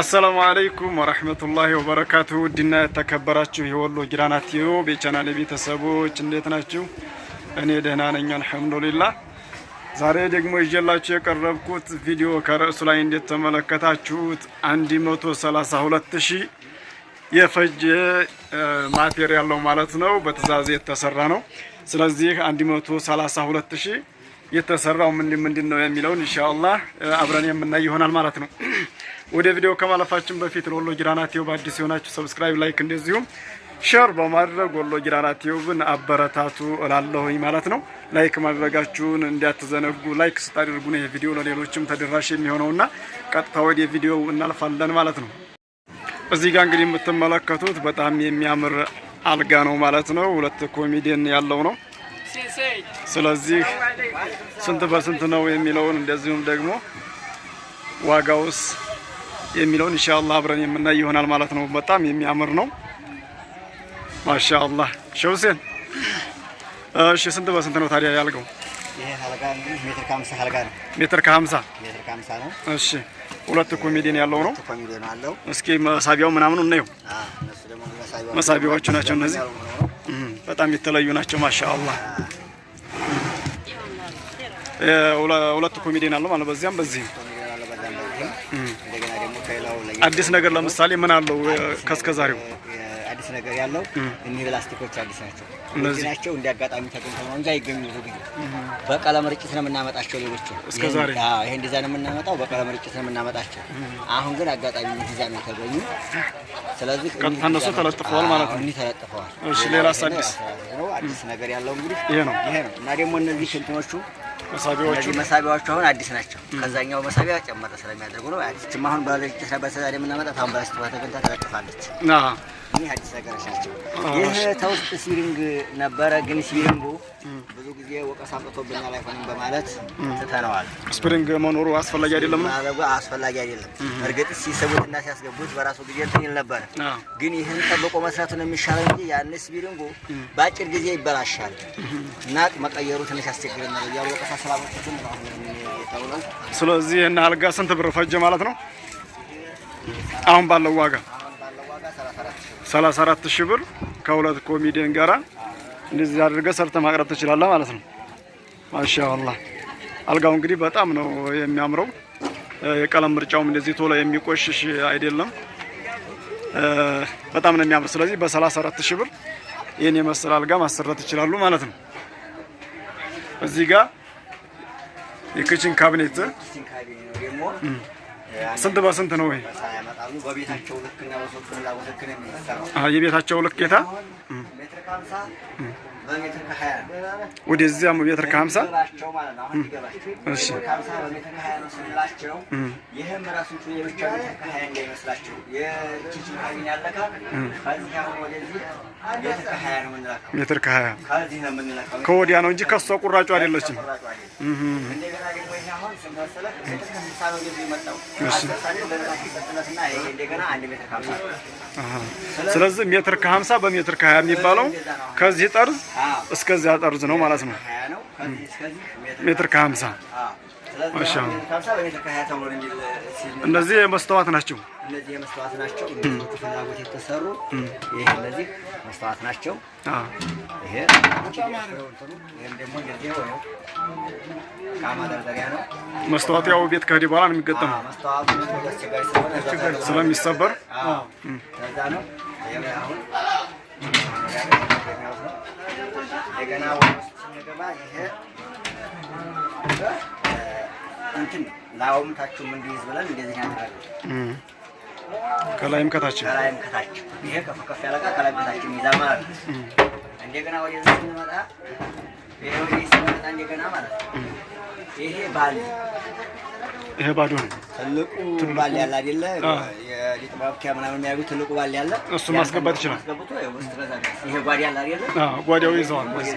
አሰላሙ አለይኩም ወረህመቱላሂ ወበረካቱ። ውድና የተከበራችሁ የወሎ ጊራና ቲዩብ የቻናል ቤተሰቦች እንዴት ናችሁ? እኔ ደህና ነኝ አልሐምዱሊላ። ዛሬ ደግሞ ይዤላችሁ የቀረብኩት ቪዲዮ ከርዕሱ ላይ እንደተመለከታችሁት 132 ሺህ የፈጀ ማቴሪያል ነው ማለት ነው። በትዕዛዝ የተሰራ ነው። ስለዚህ 132 ሺህ የተሰራው ምንድን ምንድን ነው የሚለውን ኢንሻአላህ አብረን የምናይ ይሆናል ማለት ነው። ወደ ቪዲዮ ከማለፋችን በፊት ለወሎ ጊራና ቲዩብ አዲስ የሆናችሁ ሰብስክራይብ፣ ላይክ እንደዚሁም ሼር በማድረግ ወሎ ጊራና ቲዩብን አበረታቱ እላለሁኝ ማለት ነው። ላይክ ማድረጋችሁን እንዳትዘነጉ። ላይክ ስታደርጉ ነው የቪዲዮ ለሌሎችም ተደራሽ የሚሆነውና ቀጥታ ወደ ቪዲዮ እናልፋለን ማለት ነው። እዚህ ጋር እንግዲህ የምትመለከቱት በጣም የሚያምር አልጋ ነው ማለት ነው። ሁለት ኮሚዲን ያለው ነው። ስለዚህ ስንት በስንት ነው የሚለውን እንደዚሁም ደግሞ ዋጋውስ የሚለውን ኢንሻአላህ አብረን የምናይ ይሆናል ማለት ነው። በጣም የሚያምር ነው። ማሻአላህ ሼህ ሁሴን፣ እሺ ስንት በስንት ነው ታዲያ ያልገው? ሜትር ከሀምሳ ነው። እሺ ሁለት ኮሜዲን ያለው ነው። እስኪ መሳቢያው ምናምኑ እናየው። መሳቢያዎቹ ናቸው እነዚህ፣ በጣም የተለዩ ናቸው። ማሻአላህ ሁለት ኮሜዲን አለው ማለት በዚያም በዚህም አዲስ ነገር ለምሳሌ ምን አለው? ከስከዛሬው አዲስ ነገር ያለው እኒህ ፕላስቲኮች አዲስ ናቸው። እነዚህ ናቸው እንደ አጋጣሚ ተገኝተው ነው እንጂ አይገኙ ብዙ ጊዜ በቀለም ርጭት ነው የምናመጣቸው። ሌሎች እስከዛሬ ይሄ እንደዛ ነው የምናመጣው፣ በቀለም ርጭት ነው የምናመጣቸው። አሁን ግን አጋጣሚ ዲዛይን ነው የተገኙ። ስለዚህ ቀጥታ እነሱ ተለጥፈዋል ማለት ነው። እኒህ ተለጥፈዋል። እሺ ሌላስ አዲስ ነገር ያለው እንግዲህ ይሄ ነው ይሄ ነው እና ደግሞ እነዚህ ሽንትኖቹ እነዚህ መሳቢያዎቹ አሁን አዲስ ናቸው። ከዛኛው መሳቢያ ጨመረ ስለሚያደርጉ ነው። አዲስ አሁን ባለጭ መሳሪያ የምናመጣት አሁን በስተዋ ተገንታ ተለጥፋለች። እኔ አዲስ ናቸው። ይህ ተውስጥ ሲሪንግ ነበረ፣ ግን ሲሪንጉ ብዙ ጊዜ ወቀሳ መጥቶብኛል አይሆንም በማለት ትተነዋል። ስፕሪንግ መኖሩ አስፈላጊ አይደለም አስፈላጊ አይደለም። እርግጥ ሲያስገቡት በራሱ ጊዜ እንትን ይል ነበረ፣ ግን ይህን ጠብቆ ነው የሚሻለው እንጂ ያን ስፕሪንጉ በአጭር ጊዜ ይበላሻል እና መቀየሩ ትንሽ ያስቸግረናል እያሉ ወቀሳ ስላመጡትም ስለዚህ ይህን አልጋ ስንት ብር ፈጀ ማለት ነው አሁን ባለው ዋጋ 34 ሺህ ብር ከሁለት ኮሚዲን ጋራ እንደዚህ አድርገህ ሰርተህ ማቅረብ ትችላለህ ማለት ነው። ማሻአላህ አልጋው እንግዲህ በጣም ነው የሚያምረው። የቀለም ምርጫውም እንደዚህ ቶሎ የሚቆሽሽ አይደለም። በጣም ነው የሚያምር። ስለዚህ በ34 ሺህ ብር ይህን የመሰለ አልጋ ማሰራት ይችላሉ ማለት ነው። እዚህ ጋር የክችን ካቢኔት ስንት በስንት ነው? ይሄ የቤታቸው ልኬታ ወደዚያ በሜትር ከሀምሳ ሜትር ከሀያ ነው ከወዲያ ነው እንጂ ከሷ ቁራጩ አይደለችም። ሜትር ከሀምሳ ስለዚህ ሜትር ከሀምሳ በሜትር ከሀያ የሚባለው ከዚህ ጠርዝ እስከዚህ ጠርዝ ነው ማለት ነው። ሜትር ከሀምሳ እነዚህ የመስተዋት ናቸው። እነዚህ የመስተዋት ናቸው። ፍላጎት የተሰሩ ይህ እነዚህ መስተዋት ናቸው። መስተዋት ያው ቤት ከሄደ በኋላ ነው የሚገጠመው ስለሚሰበር እንደገና ስንገባ ይሄ እንትን ላዩም ታችሁም እንዲይዝ ብለን እንደዚህ ያደረገ ከላይም ከታችም ከላይም ከታችም ይሄ ከፍ ከፍ ያለቃ ከላይም ከታችም ይይዛል ማለት ነው። እንደገና ወደዚህ ስንመጣ ይሄ ወደዚህ ስንመጣ እንደገና ማለት ነው ይሄ ባል ይሄ ባዶ ነው። ትልቁ ባል ያለ አይደለ የሊጥ ማብኪያ ምናምን የሚያደርጉት ትልቁ ባል ያለ እሱ ማስገባት ይችላል። ይሄ ጓዳ ያለ አይደለ ጓዳው ይዘዋል። በዛ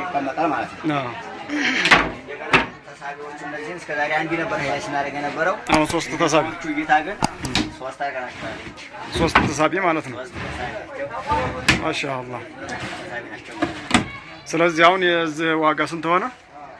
ይቀመጣል ማለት ነው። ተሳቢዎቹ እነዚህን እስከዛሬ አንድ ነበር ስናደርግ የነበረው አሁን ሶስት ተሳቢ ግን ሶስት ተሳቢ ማለት ነው። ማሻአላህ። ስለዚህ አሁን የዚህ ዋጋ ስንት ሆነ?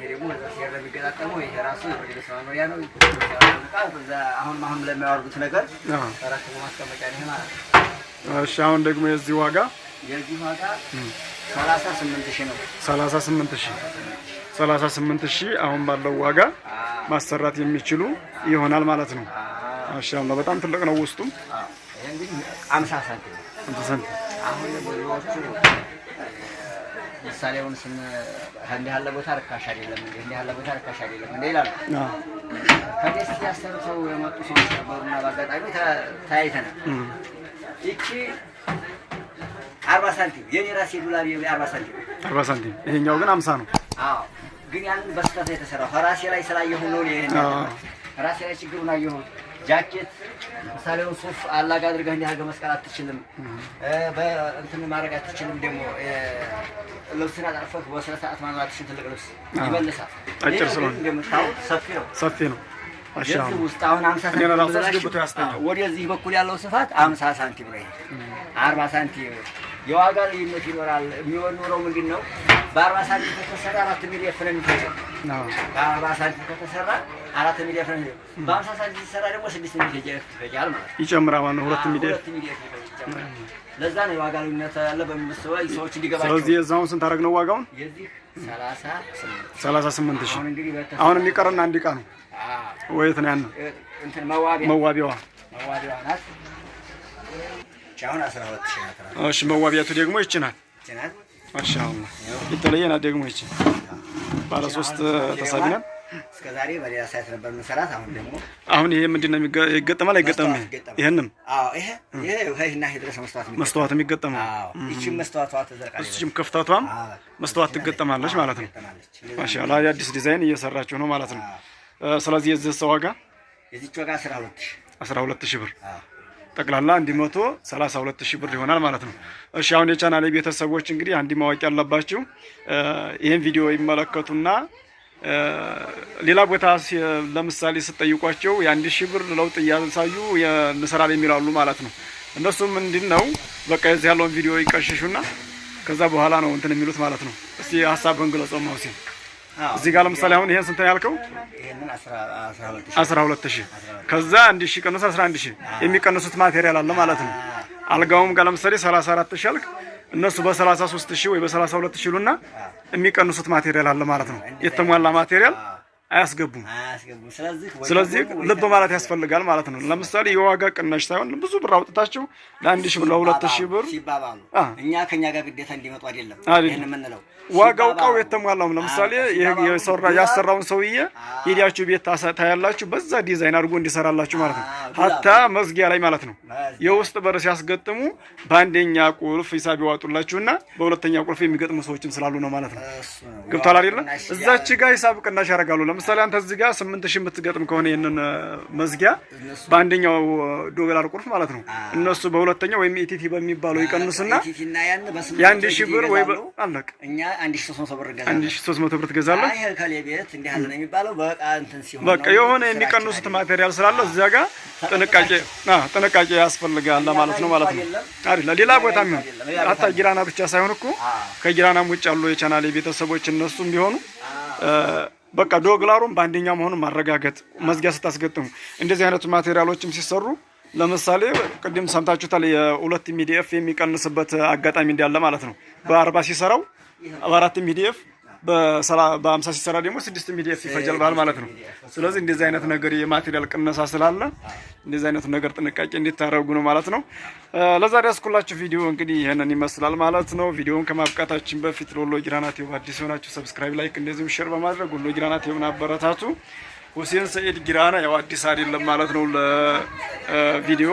ይሄ ደግሞ ለሲያር ይሄ ራሱ መኖሪያ ነው። አሁን አሁን ለሚያወርዱት ነገር ራሱ ማስቀመጫ ነው ማለት ነው። እሺ አሁን ደግሞ የዚህ ዋጋ የዚህ ዋጋ ሰላሳ ስምንት ሺህ ነው። ሰላሳ ስምንት ሺህ ሰላሳ ስምንት ሺህ አሁን ባለው ዋጋ ማሰራት የሚችሉ ይሆናል ማለት ነው። ማሻአላ ነው። በጣም ትልቅ ነው ውስጡ። ሳንቲም ሳንቲም አሁን ምሳሌ አሁን ስን እንዲህ ያለ ቦታ ርካሽ አይደለም እንዴ እንዲህ ያለ ቦታ ርካሽ አይደለም እንዴ ይላሉ። ከደስ ያሰርተው የመጡ ሰዎች ነበሩና በአጋጣሚ ተያይተናል። ይቺ አርባ ሳንቲም የኔ ራሴ ዱላር አርባ ሳንቲም አርባ ሳንቲም ይሄኛው ግን አምሳ ነው። አዎ ግን ያንን በስተት የተሰራው ራሴ ላይ ስላየሁ ነው። ራሴ ላይ ችግሩን አየሁት። ጃኬት ምሳሌውን ሱፍ አላግ አድርገህ እንዲህ አድርገህ መስቀል አትችልም፣ እንትን ማድረግ አትችልም። ደግሞ ልብስን አጣርፈህ በስነ ስርዓት ማኖር አትችልም። ትልቅ ልብስ ይመልሳል። አጭር ስለሆነ እንደምታውቅ ሰፊ ነው፣ ሰፊ ነው። ወደዚህ በኩል ያለው ስፋት አምሳ ሳንቲም ነው፣ አርባ ሳንቲም የዋጋ ልዩነት ይኖራል። የሚኖረው ምንድን ነው? በአርባ ሳንቲም ከተሰራ አራት ሚሊየን ነው የሚፈጨው። በአርባ ሳንቲም ከተሰራ አራት ሚዲያ ፈን በአምሳ ሰዓት ሲሰራ ደግሞ ስድስት ሚዲያ ይፈጃል ማለት ነው። ይጨምራ ማለት ነው። ሁለት ሚዲያ ሁለት ሚዲያ ይፈጃል። ለዛ ነው የዋጋ ልዩነት ያለ በሚመስለው ሰዎች እንዲገባቸው። ስለዚህ የዛውን ስንት አደረግነው ዋጋውን? የዚህ ሰላሳ ስምንት ሰላሳ አሁን የሚቀረን አንድ ዕቃ ነው ወይት ነው ያንን መዋቢያ መዋቢያዋ መዋቢያዋ ናት። እሺ መዋቢያቱ ደግሞ ይቺ ማሻአላህ የተለየ ደግሞ ይቺ ባለ ሶስት ተሳቢ እስከ ዛሬ በሌላ ሳይት ነበር የምንሰራት። አሁን ደግሞ አሁን ይሄ ምንድን ነው ይገጠማል? አይገጠም? ይሄንም ይሄና ይሄ ድረስ መስተዋት የሚገጠመው አዎ። መስተዋቷ ተዘርቃለች፣ እቺም ክፍተቷም መስተዋት ትገጠማለች ማለት ነው። ማሻአላ አዲስ ዲዛይን እየሰራችሁ ነው ማለት ነው። ስለዚህ የዚህ ሰው ዋጋ የዚህ ዋጋ 12000 12000 ብር ጠቅላላ 132 ሺህ ብር ይሆናል ማለት ነው። እሺ አሁን የቻናሌ ቤተሰቦች እንግዲህ አንድ ማወቅ ያለባችሁ ይህን ቪዲዮ ይመለከቱና ሌላ ቦታ ለምሳሌ ስጠይቋቸው የአንድ ሺህ ብር ለውጥ እያሳዩ እንሰራለን የሚላሉ ማለት ነው። እነሱም ምንድን ነው በቃ የዚህ ያለውን ቪዲዮ ይቀሽሹና ከዛ በኋላ ነው እንትን የሚሉት ማለት ነው። እስቲ ሀሳብህን ግለጸው ማውሲን። እዚህ ጋር ለምሳሌ አሁን ይሄን ስንት ያልከው? አስራ ሁለት ሺህ ከዛ አንድ ሺህ ቀነሱ አስራ አንድ ሺህ የሚቀንሱት ማቴሪያል አለ ማለት ነው። አልጋውም ጋር ለምሳሌ ሰላሳ አራት ሺህ አልክ እነሱ በ33 ሺህ ወይ በ32 ሺህ ሉና የሚቀንሱት ማቴሪያል አለ ማለት ነው። የተሟላ ማቴሪያል አያስገቡም። ስለዚህ ልብ ማለት ያስፈልጋል ማለት ነው። ለምሳሌ የዋጋ ቅናሽ ሳይሆን ብዙ ብር አውጥታችሁ ለአንድ ሺህ ብር ለሁለት ሺህ ብር ሲባባሉ እኛ ከኛ ጋር ግዴታ እንዲመጡ አይደለም የምንለው። ዋጋው እቃው የተሟላውም ለምሳሌ ያሰራውን ሰውዬ ሄዳችሁ ቤት ታያላችሁ፣ በዛ ዲዛይን አድርጎ እንዲሰራላችሁ ማለት ነው። ሀታ መዝጊያ ላይ ማለት ነው የውስጥ በር ሲያስገጥሙ በአንደኛ ቁልፍ ሂሳብ ይዋጡላችሁና በሁለተኛ ቁልፍ የሚገጥሙ ሰዎችም ስላሉ ነው ማለት ነው። ገብቷል አይደለም? እዛች ጋር ሂሳብ ቅናሽ ያደርጋሉ። ለምሳሌ አንተ እዚህ ጋር ስምንት ሺህ የምትገጥም ከሆነ ይህንን መዝጊያ በአንደኛው ዶላር ቁልፍ ማለት ነው። እነሱ በሁለተኛው ወይም ኢቲቲ በሚባለው ይቀንሱና የአንድ ሺህ ብር ወይ አለቅ እኛ አንድ ሺህ ሶስት መቶ ብር ትገዛለህ። በቃ የሆነ የሚቀንሱት ማቴሪያል ስላለ እዚያ ጋር ጥንቃቄ ጥንቃቄ ያስፈልጋል ማለት ነው ማለት ነው። አይደለ ሌላ ቦታ የሚሆን አታ ጊራና ብቻ ሳይሆን እኮ ከጊራናም ውጭ ያሉ የቻናሌ ቤተሰቦች እነሱም ቢሆኑ በቃ ዶግላሩን በአንደኛ መሆኑን ማረጋገጥ መዝጊያ ስታስገጥሙ እንደዚህ አይነቱ ማቴሪያሎችም ሲሰሩ ለምሳሌ ቅድም ሰምታችሁታል የሁለት ሚዲኤፍ የሚቀንስበት አጋጣሚ እንዳለ ማለት ነው። በአርባ ሲሰራው በአራት ሚዲኤፍ በአምሳ ሲሰራ ደግሞ ስድስት ሚዲኤፍ ይፈጃል ማለት ነው። ስለዚህ እንደዚህ አይነት ነገር የማቴሪያል ቅነሳ ስላለ እንደዚህ አይነት ነገር ጥንቃቄ እንዲታረጉ ነው ማለት ነው። ለዛሬ ያስኩላችሁ ቪዲዮ እንግዲህ ይህንን ይመስላል ማለት ነው። ቪዲዮውን ከማብቃታችን በፊት ለወሎ ጊራና ቲዩብ አዲስ የሆናችሁ ሰብስክራይብ፣ ላይክ እንደዚሁም ሼር በማድረግ ወሎ ጊራና ቲዩብን አበረታቱ። ሁሴን ሰኢድ ጊራና ያው አዲስ አይደለም ማለት ነው ለቪዲዮ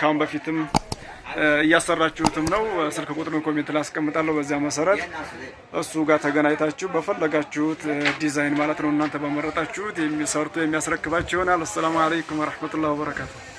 ከአሁን በፊትም እያሰራችሁትም ነው። ስልክ ቁጥሩን ኮሜንት ላይ አስቀምጣለሁ። በዚያ መሰረት እሱ ጋር ተገናኝታችሁ በፈለጋችሁት ዲዛይን ማለት ነው እናንተ በመረጣችሁት የሚሰርቶ የሚያስረክባችሁ ይሆናል። አሰላሙ አለይኩም ወረህመቱላህ ወበረካቱ